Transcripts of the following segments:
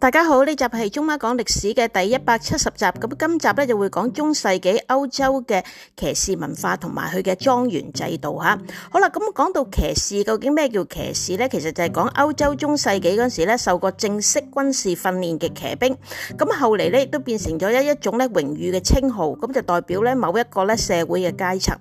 大家好，呢集係中馬講歷史嘅第一百七十集，咁今集咧，就會講中世紀歐洲嘅騎士文化同埋佢嘅莊園制度吓。好啦，咁講到騎士，究竟咩叫騎士呢？其實就係講歐洲中世紀嗰時咧，受過正式軍事訓練嘅騎兵，咁後嚟咧，亦都變成咗一一種咧榮譽嘅稱號，咁就代表咧某一個咧社會嘅階層。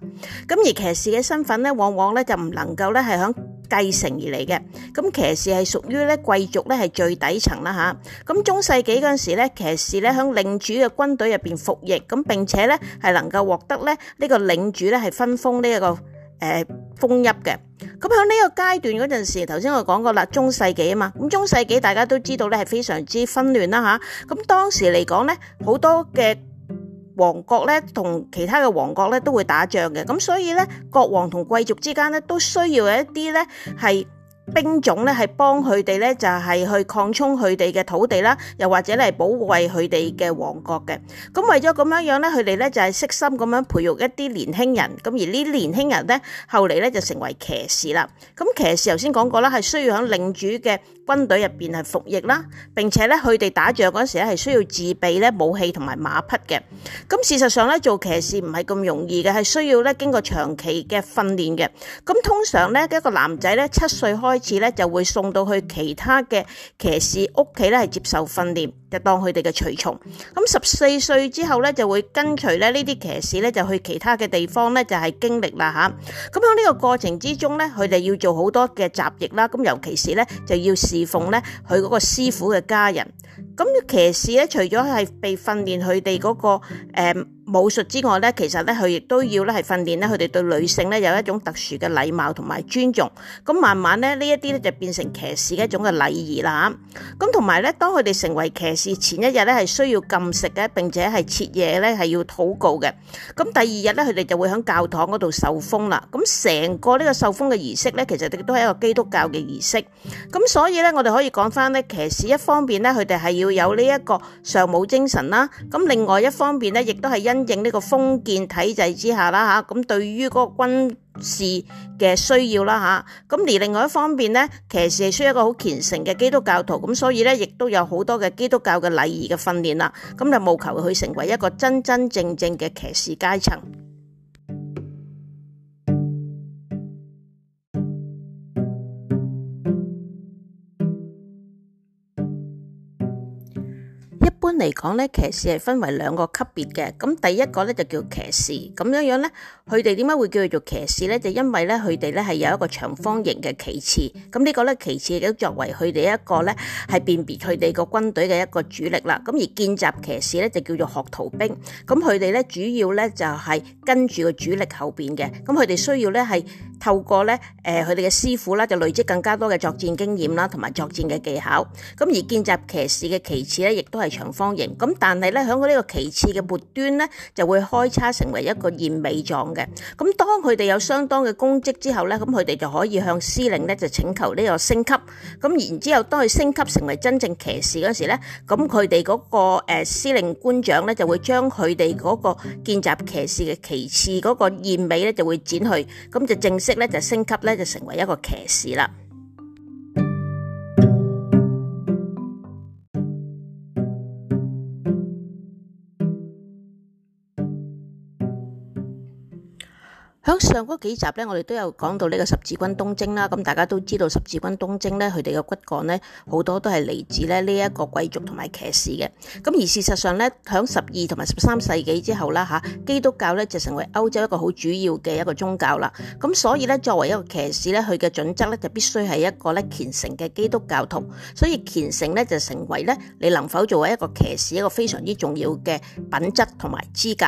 咁而騎士嘅身份咧，往往咧就唔能夠咧係響。繼承而嚟嘅，咁騎士係屬於咧貴族咧，係最底層啦嚇。咁、啊、中世紀嗰陣時咧，騎士咧響領主嘅軍隊入邊服役，咁並且咧係能夠獲得咧呢個領主咧係分封呢、這個呃、一個誒封邑嘅。咁喺呢個階段嗰陣時，頭先我講過啦，中世紀啊嘛。咁中世紀大家都知道咧係非常之紛亂啦吓，咁、啊啊、當時嚟講咧，好多嘅。王國咧同其他嘅王國咧都會打仗嘅，咁所以咧國王同貴族之間咧都需要一啲咧係兵種咧係幫佢哋咧就係去擴充佢哋嘅土地啦，又或者係保衛佢哋嘅王國嘅。咁為咗咁樣樣咧，佢哋咧就係悉心咁樣培育一啲年輕人。咁而呢啲年輕人咧後嚟咧就成為騎士啦。咁騎士頭先講過啦，係需要響領主嘅。軍隊入邊係服役啦，並且咧佢哋打仗嗰時咧係需要自備咧武器同埋馬匹嘅。咁事實上咧做騎士唔係咁容易嘅，係需要咧經過長期嘅訓練嘅。咁通常咧一個男仔咧七歲開始咧就會送到去其他嘅騎士屋企咧係接受訓練。就當佢哋嘅隨從，咁十四歲之後咧，就會跟隨咧呢啲騎士咧，就去其他嘅地方咧，就係經歷啦嚇。咁喺呢個過程之中咧，佢哋要做好多嘅雜役啦，咁尤其是咧就要侍奉咧佢嗰個師傅嘅家人。咁騎士咧，除咗係被訓練佢哋嗰個、呃、武術之外咧，其實咧佢亦都要咧係訓練咧佢哋對女性咧有一種特殊嘅禮貌同埋尊重。咁慢慢咧呢一啲咧就變成騎士一種嘅禮儀啦。咁同埋咧，當佢哋成為騎士前一日咧係需要禁食嘅，並且係徹夜咧係要禱告嘅。咁第二日咧佢哋就會喺教堂嗰度受封啦。咁成個呢個受封嘅儀式咧，其實亦都係一個基督教嘅儀式。咁所以咧，我哋可以講返咧，騎士一方面咧佢哋係要。會有呢一個尚武精神啦，咁另外一方面咧，亦都係因應呢個封建體制之下啦吓，咁對於嗰個軍事嘅需要啦吓，咁而另外一方面咧，騎士係需要一個好虔誠嘅基督教徒，咁所以咧，亦都有好多嘅基督教嘅禮儀嘅訓練啦，咁就務求佢去成為一個真真正正嘅騎士階層。一般嚟講咧，騎士係分為兩個級別嘅。咁第一個咧就叫騎士，咁樣樣咧，佢哋點解會叫做騎士咧？就因為咧，佢哋咧係有一個長方形嘅旗幟。咁呢個咧，旗幟亦都作為佢哋一個咧，係辨別佢哋個軍隊嘅一個主力啦。咁而見習騎士咧就叫做學徒兵。咁佢哋咧主要咧就係跟住個主力後邊嘅。咁佢哋需要咧係透過咧，誒，佢哋嘅師傅啦，就累積更加多嘅作戰經驗啦，同埋作戰嘅技巧。咁而見習騎士嘅旗幟咧，亦都係長方形咁，但係咧喺佢呢個旗幟嘅末端咧，就會開叉成為一個燕尾狀嘅。咁當佢哋有相當嘅功績之後咧，咁佢哋就可以向司令咧就請求呢個升級。咁然之後，當佢升級成為真正騎士嗰時咧，咁佢哋嗰個誒、呃、司令官長咧就會將佢哋嗰個見習騎士嘅旗幟嗰個燕尾咧就會剪去，咁就正式咧就升級咧就成為一個騎士啦。喺上嗰幾集咧，我哋都有講到呢個十字軍東征啦。咁大家都知道十字軍東征咧，佢哋嘅骨幹咧好多都係嚟自咧呢一個貴族同埋騎士嘅。咁而事實上咧，喺十二同埋十三世紀之後啦，吓基督教咧就成為歐洲一個好主要嘅一個宗教啦。咁所以咧，作為一個騎士咧，佢嘅準則咧就必須係一個咧虔誠嘅基督教徒。所以虔誠咧就成為咧你能否作為一個騎士一個非常之重要嘅品質同埋資格。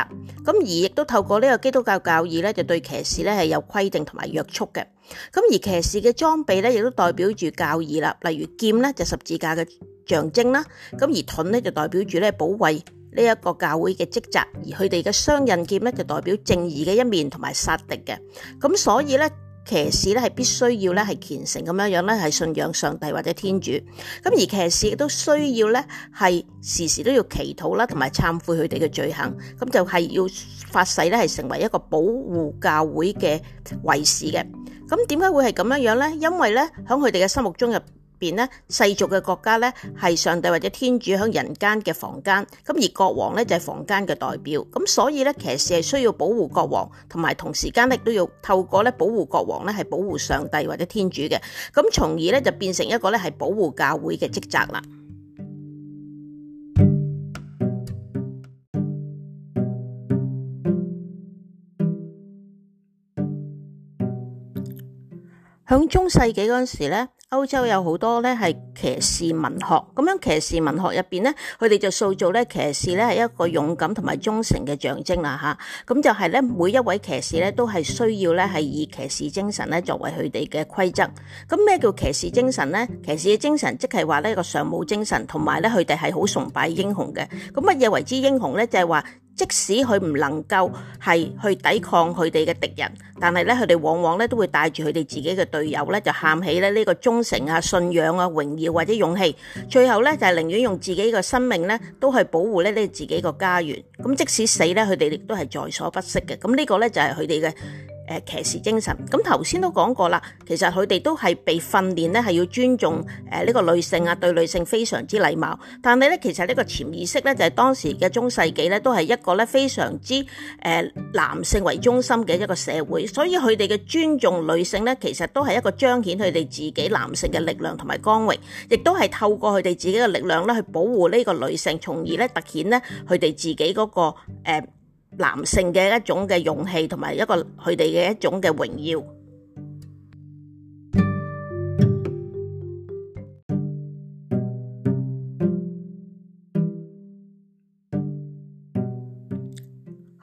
咁而亦都透過呢個基督教教義咧，就對騎士咧係有規定同埋約束嘅，咁而騎士嘅裝備咧亦都代表住教義啦，例如劍咧就十字架嘅象徵啦，咁而盾咧就代表住咧保衛呢一個教會嘅職責，而佢哋嘅雙刃劍咧就代表正義嘅一面同埋殺敵嘅，咁所以咧。騎士咧係必須要咧係虔誠咁樣樣咧係信仰上帝或者天主，咁而騎士亦都需要咧係時時都要祈禱啦，同埋懺悔佢哋嘅罪行，咁就係要發誓咧係成為一個保護教會嘅衛士嘅。咁點解會係咁樣樣咧？因為咧響佢哋嘅心目中入。邊咧世俗嘅國家咧係上帝或者天主響人間嘅房間，咁而國王咧就係房間嘅代表，咁所以咧騎士係需要保護國王，同埋同時間亦都要透過咧保護國王咧係保護上帝或者天主嘅，咁從而咧就變成一個咧係保護教會嘅職責啦。喺中世紀嗰陣時咧，歐洲有好多咧係騎士文學咁樣。騎士文學入邊咧，佢哋就塑造咧騎士咧係一個勇敢同埋忠誠嘅象徵啦吓。咁就係咧，每一位騎士咧都係需要咧係以騎士精神咧作為佢哋嘅規則。咁咩叫騎士精神咧？騎士嘅精神即係話呢個尚武精神，同埋咧佢哋係好崇拜英雄嘅。咁乜嘢為之英雄咧？就係話。即使佢唔能夠係去抵抗佢哋嘅敵人，但係咧佢哋往往咧都會帶住佢哋自己嘅隊友咧就喊起咧呢個忠誠啊、信仰啊、榮耀或者勇氣，最後咧就係寧願用自己嘅生命咧都係保護咧呢自己個家園，咁即使死咧佢哋亦都係在所不惜嘅，咁呢個咧就係佢哋嘅。誒，騎士精神咁頭先都講過啦，其實佢哋都係被訓練咧，係要尊重誒呢個女性啊，對女性非常之禮貌。但係咧，其實呢個潛意識咧，就係當時嘅中世紀咧，都係一個咧非常之誒男性為中心嘅一個社會，所以佢哋嘅尊重女性咧，其實都係一個彰顯佢哋自己男性嘅力量同埋光榮，亦都係透過佢哋自己嘅力量咧去保護呢個女性，從而咧凸顯咧佢哋自己嗰、那個誒。呃男性嘅一種嘅勇氣，同埋一個佢哋嘅一種嘅榮耀。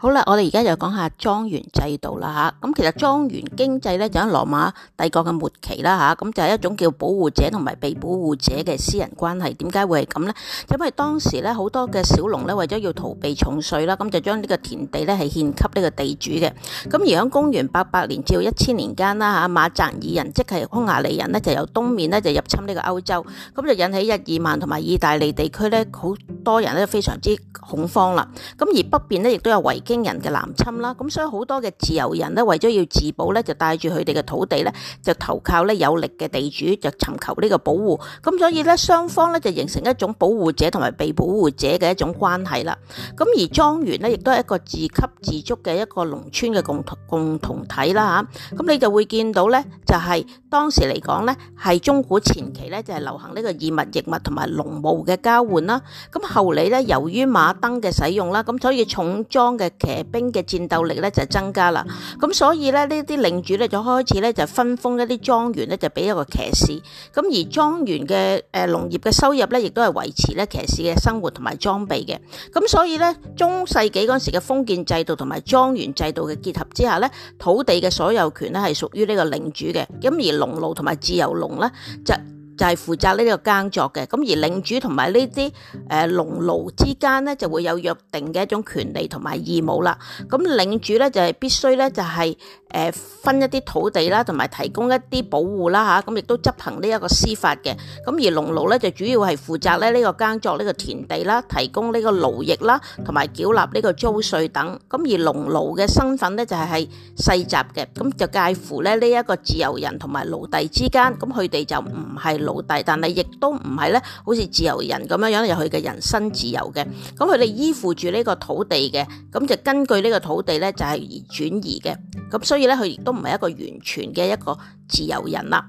好啦，我哋而家就講下莊園制度啦吓，咁其實莊園經濟咧就喺、是、羅馬帝國嘅末期啦吓，咁、啊、就係、是、一種叫保護者同埋被保護者嘅私人關係。點解會係咁呢？因為當時咧好多嘅小農咧為咗要逃避重稅啦，咁就將呢個田地咧係獻給呢個地主嘅。咁而喺公元八百年至到一千年間啦吓，馬扎爾人即係匈牙利人咧就由東面咧就入侵呢個歐洲，咁就引起日耳曼同埋意大利地區咧好多人咧非常之恐慌啦。咁而北邊咧亦都有圍。維京人嘅南侵啦，咁所以好多嘅自由人咧，為咗要自保咧，就帶住佢哋嘅土地咧，就投靠咧有力嘅地主，就尋求呢個保護。咁所以咧，雙方咧就形成一種保護者同埋被保護者嘅一種關係啦。咁而莊園咧，亦都係一個自給自足嘅一個農村嘅共同共同體啦。吓，咁你就會見到咧，就係當時嚟講咧，係中古前期咧就係流行呢個異物、異物同埋農務嘅交換啦。咁後嚟咧，由於馬鐙嘅使用啦，咁所以重裝嘅。騎兵嘅戰鬥力咧就增加啦，咁所以咧，呢啲領主咧就開始咧就分封一啲莊園咧就俾一個騎士，咁而莊園嘅誒農業嘅收入咧亦都係維持咧騎士嘅生活同埋裝備嘅，咁所以咧中世紀嗰時嘅封建制度同埋莊園制度嘅結合之下咧，土地嘅所有權咧係屬於呢個領主嘅，咁而農奴同埋自由農咧就。就係負責呢個耕作嘅，咁而領主同埋呢啲誒農奴之間呢，就會有約定嘅一種權利同埋義務啦。咁、嗯、領主呢，就係、是、必須呢，就係、是、誒分一啲土地啦，同埋提供一啲保護啦吓，咁亦都執行呢一個司法嘅。咁、嗯、而農奴呢，就主要係負責咧呢個耕作呢個田地啦，提供呢個勞役啦，同埋繳納呢個租稅等。咁、嗯、而農奴嘅身份呢，就係、是、係世襲嘅，咁、嗯、就介乎咧呢一個自由人同埋奴隸之間，咁佢哋就唔係。奴隸，但係亦都唔係咧，好似自由人咁樣樣有佢嘅人身自由嘅，咁佢哋依附住呢個土地嘅，咁就根據呢個土地咧就係、是、而轉移嘅，咁所以咧佢亦都唔係一個完全嘅一個自由人啦。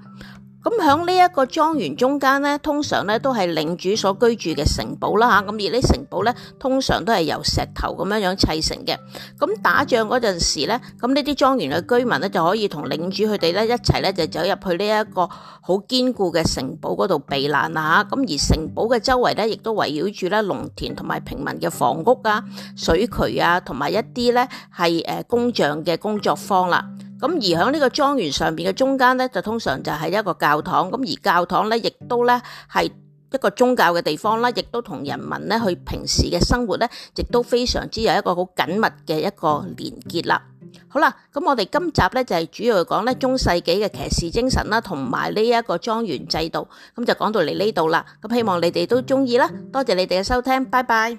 咁喺呢一個莊園中間咧，通常咧都係領主所居住嘅城堡啦嚇。咁而呢城堡咧，通常都係由石頭咁樣樣砌成嘅。咁打仗嗰陣時咧，咁呢啲莊園嘅居民咧就可以同領主佢哋咧一齊咧就走入去呢一個好堅固嘅城堡嗰度避難啦嚇。咁而城堡嘅周圍咧，亦都圍繞住咧農田同埋平民嘅房屋啊、水渠啊，同埋一啲咧係誒工匠嘅工作坊啦。咁而喺呢個莊園上面嘅中間咧，就通常就係一個教堂。咁而教堂咧，亦都咧係一個宗教嘅地方啦，亦都同人民咧去平時嘅生活咧，亦都非常之有一個好緊密嘅一個連結啦。好啦，咁我哋今集咧就係、是、主要講咧中世紀嘅騎士精神啦，同埋呢一個莊園制度。咁、嗯、就講到嚟呢度啦。咁希望你哋都中意啦，多謝你哋嘅收聽，拜拜。